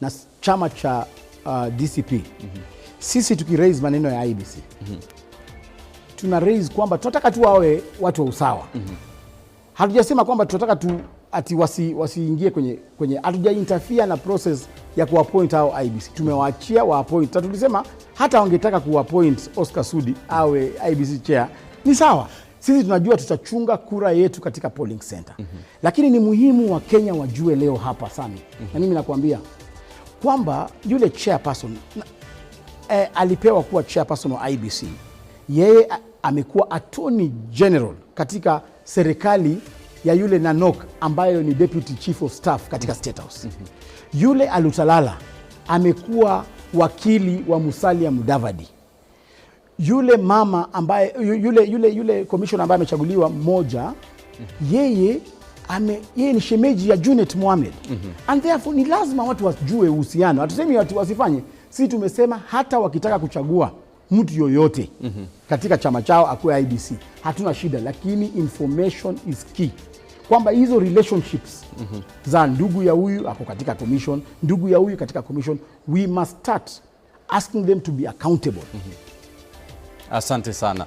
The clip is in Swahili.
na chama cha uh, DCP mm -hmm. Sisi tukiraise maneno ya ibc mm -hmm. tuna raise kwamba tunataka tu wawe watu wa usawa mm -hmm. hatujasema kwamba tunataka tu ati wasiingie kwenye kwenye, hatuja interfere na process ya kuwapoint au IBC, tumewaachia waappoint. Tulisema hata wangetaka kuwapoint Oscar Sudi awe IBC chair ni sawa, sisi tunajua tutachunga kura yetu katika polling center mm -hmm. Lakini ni muhimu wa kenya wajue leo hapa Sami mm -hmm. na mimi nakwambia kwamba yule chairperson eh, alipewa kuwa chairperson wa IBC, yeye amekuwa attorney general katika serikali ya yule Nanok ambayo ni deputy chief of staff katika State House. Yule Alutalala amekuwa wakili wa Musalia Mudavadi. Yule mama ambaye yule, yule, yule commissioner ambaye amechaguliwa mmoja, yeye ame yeye ni shemeji ya Junet Mohamed mm -hmm. and therefore ni lazima watu wajue uhusiano. Hatusemi watu wasifanye, si tumesema hata wakitaka kuchagua mtu yoyote mm -hmm. katika chama chao akuwe IBC hatuna shida, lakini information is key kwamba hizo relationships mm -hmm. za ndugu ya huyu ako katika commission, ndugu ya huyu katika commission, we must start asking them to be accountable mm -hmm. Asante sana.